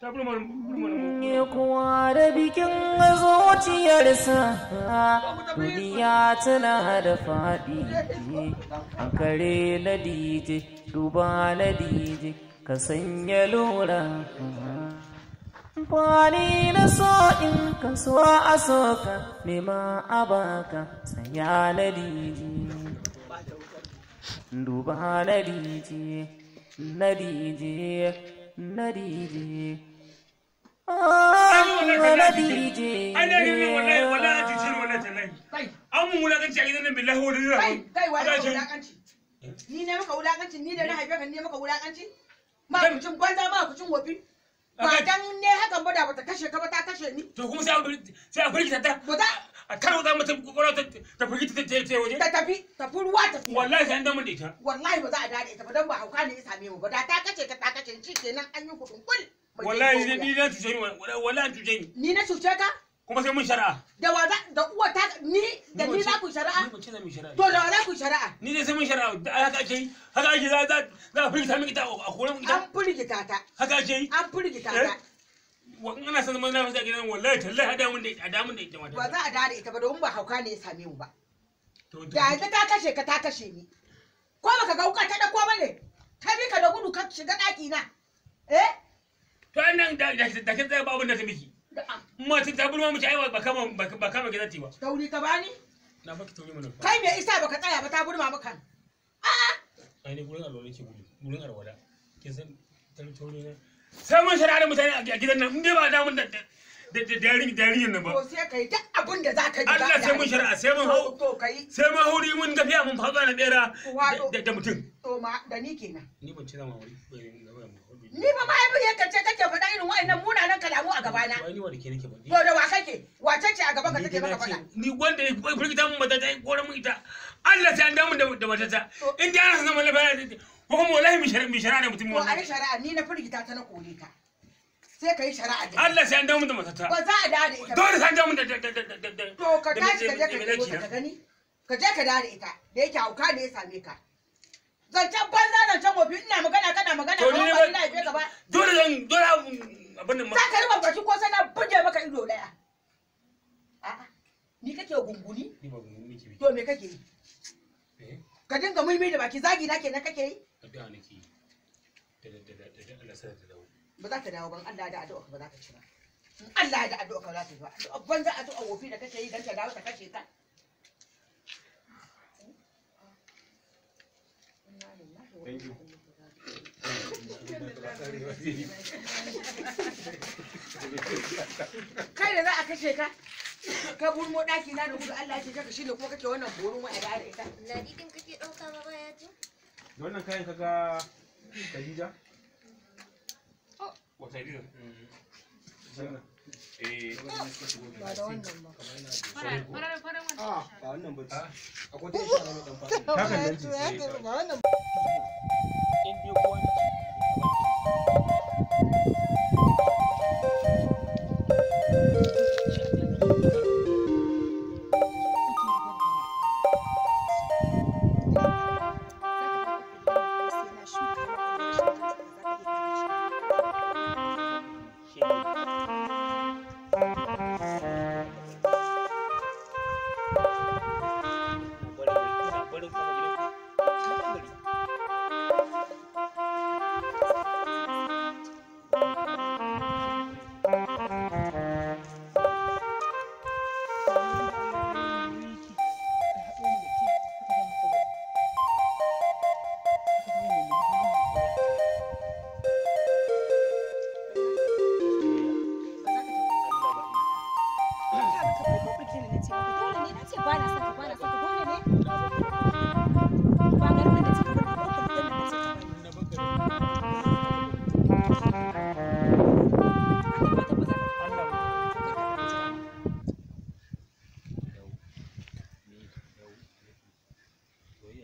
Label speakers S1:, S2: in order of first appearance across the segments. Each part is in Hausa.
S1: Ya kuwa da bikin zuciyarsa duniya tana da faɗi an kare na dije duba na dije ka sanya lura Kwani na so in ka so a so ka nema a baka sanya na dije duba na dije na dije na dije DJ. wallahi wa
S2: Ba za ba a firgita ta. Ba a ba hauka ne ya same mu ba da ta kace ta kace kenan an yi kudin kul
S1: wallahi ni na cuce ni wallahi cuce ni
S2: ni na cuce ka
S1: kuma sai mun shari'a
S2: da wa da uwa ta ni da ni za ku shari'a to da wa za ku shari'a
S1: ni ne sai mun shari'a da haka ake yi haka ake za za za firgita min ita a kore min ita
S2: an firgita ta haka ake yi an firgita eh? ta
S1: wannan ana san zaman lafiya gidan wallahi tallahi hada mun da hada mun da ita mata ba za
S2: a dare ita ba domin ba hauka ne ya same mu ba da ita ta kashe ka ta kashe ni ko baka ga uka ta da ko bane ka bi ka da gudu ka shiga daki na eh
S1: to an nan da da kin zai babu da ta miki mace ta burma miki aiwa ba kama ba kama gidan tiwa
S2: tauri ka bani
S1: na baki tauri mana
S2: kai me isa baka tsaya ba ta burma maka a
S1: a ai ne gurin alwala ke gudu gurin alwala kin san tauri na sai mun shara da mutane a gidan nan in dai ba da mun da da yarinyar nan ba. To
S2: sai kai duk abin da za ka yi. Allah sai mun shari'a sai mun hau. Sai mun hauri mun
S1: tafiya mun faɗa na bera da mutum.
S2: To ma da ni kenan.
S1: Ni ban ci zama wuri. Ni
S2: ba ma ai ka ce kake faɗa irin wa'annan munanan kalamu a gabana. Wai ni wanda ke nake faɗi. To da wa kake? Wace ce a gaban ka take maka faɗa?
S1: Ni wanda ya furgita mun mata ta yi kore mun ita. Allah sai an damu da ta In dai ana zama labarai ko kuma wallahi mai shari'a ne mutum wannan. To ai
S2: shari'a ni na firgita ta na kore ka. sai ka yi shari'a da
S1: Allah sai an dawo mun da matata ba
S2: za a dawo da ita dole sai an dawo mun da to ka tashi ka je ka je ka gani ka je ka dawo da ita da yake hauka da ya same ka zancen banza can wofi ina magana kana magana ba ba ina je gaba
S1: dole zan dole
S2: abin nan ma ka karba baki ko sai na buge maka ido daya a'a ni kake gunguni ni ba gunguni kike to me kake yi eh? ka dinga mulmi da baki zagi na kenan kake yi
S1: addu'a nake yi da da da da Allah sai ta dawo
S2: ba za ka dawo ban Allah da addu'a ba za ka ci ba in Allah da addu'a ka za ka yi ba addu'a banza addu'a wofi da kake yi dan ta dawo ta kashe ka Thank you. kai da za a kashe ka ka burmo daki na da gudu Allah ya ce ka shine kuma kake wannan burin wa a ta. na didin kake
S1: dauka ba ya ji wannan kayan kaga kadija watanni ba da wannan
S2: ba ba wannan ba
S1: a kwata ya shara mai dan fadi ba wannan ba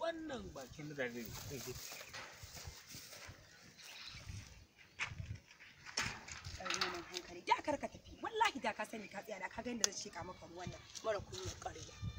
S1: wannan bakin rarrabe
S2: hankali da kar ka tafi wallahi da ka sani ka tsaya da ka gani da zan sheka maka ruwan nan mara kunyar ƙarya